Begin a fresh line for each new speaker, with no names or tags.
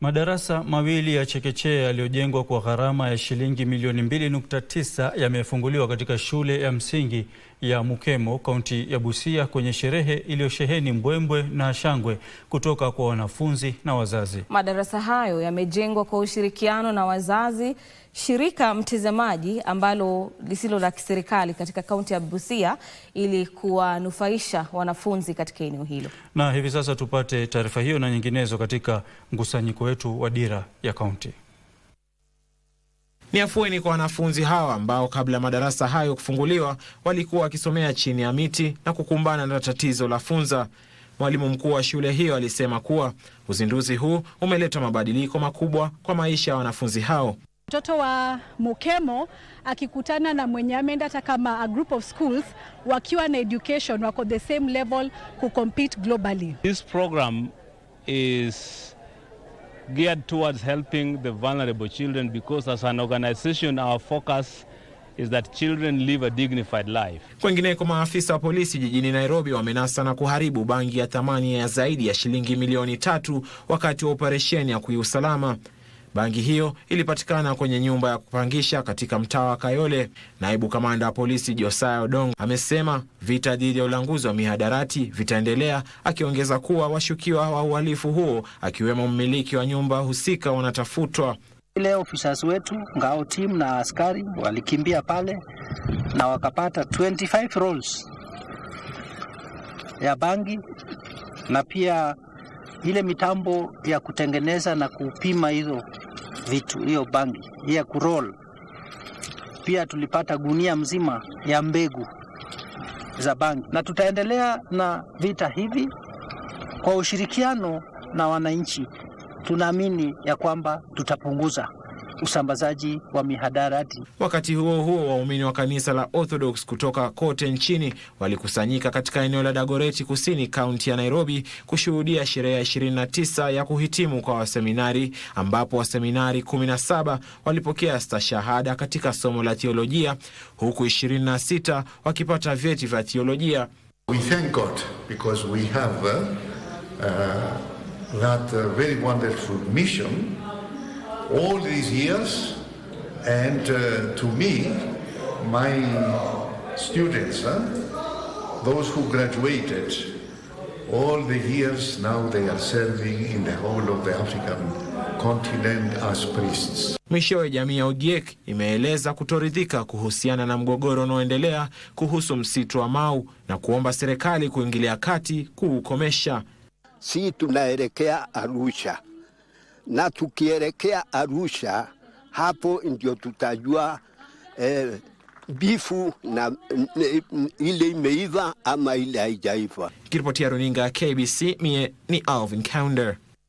Madarasa mawili ya chekechea yaliyojengwa kwa gharama ya shilingi milioni 2.9 yamefunguliwa katika shule ya msingi ya Mukemo, kaunti ya Busia kwenye sherehe iliyosheheni mbwembwe na shangwe kutoka kwa wanafunzi na wazazi.
Madarasa hayo yamejengwa kwa ushirikiano na wazazi, Shirika Mtazamaji ambalo lisilo la kiserikali katika kaunti ya Busia ili kuwanufaisha wanafunzi katika eneo hilo.
Na hivi sasa tupate taarifa hiyo na nyinginezo katika mkusanyiko wetu wa Dira ya Kaunti. Ni afueni kwa wanafunzi hawa ambao kabla ya madarasa hayo kufunguliwa walikuwa wakisomea chini ya miti na kukumbana na tatizo la funza. Mwalimu mkuu wa shule hiyo alisema kuwa uzinduzi huu umeleta mabadiliko makubwa kwa maisha ya wanafunzi hao.
Mtoto wa Mukemo akikutana na mwenye ameenda hata kama a group of schools wakiwa na education wako the same level ku compete globally.
This program is geared towards helping the vulnerable children because as an organization our focus is that children live a dignified life.
Kwengineko, maafisa wa polisi jijini Nairobi wamenasa na kuharibu bangi ya thamani ya zaidi ya shilingi milioni tatu wakati wa operesheni ya kuiusalama. Bangi hiyo ilipatikana kwenye nyumba ya kupangisha katika mtaa wa Kayole. Naibu kamanda wa polisi Josaya Odong amesema vita dhidi ya ulanguzi wa mihadarati vitaendelea, akiongeza kuwa washukiwa wa uhalifu huo akiwemo mmiliki wa nyumba husika wanatafutwa.
Ile officers wetu ngao timu na askari walikimbia pale na wakapata 25 rolls ya bangi na pia ile mitambo ya kutengeneza na kupima hizo vitu, hiyo bangi ya kuroll. Pia tulipata gunia mzima ya mbegu za bangi, na tutaendelea na vita hivi kwa ushirikiano na wananchi. Tunaamini ya kwamba tutapunguza usambazaji wa mihadarati.
Wakati huo huo, waumini wa kanisa la Orthodox kutoka kote nchini walikusanyika katika eneo la Dagoreti Kusini, kaunti ya Nairobi, kushuhudia sherehe ya 29 ya kuhitimu kwa waseminari, ambapo waseminari 17 walipokea stashahada katika somo la teolojia, huku 26 wakipata vyeti vya teolojia.
We thank God because we have, uh, uh that, uh, very wonderful mission all these years. And uh, to me, my students, huh, those who graduated, all the years now they are serving in the whole of the African continent as priests.
Mwishowe, jamii ya Ogiek imeeleza kutoridhika kuhusiana na mgogoro unaoendelea kuhusu msitu wa Mau na kuomba serikali kuingilia kati kuukomesha.
Si tunaelekea Arusha na tukielekea Arusha, hapo ndio tutajua eh, bifu na mm, ile imeiva ama ile haijaiva.
Kiripotia runinga ya KBC, mie ni Alvin Counder.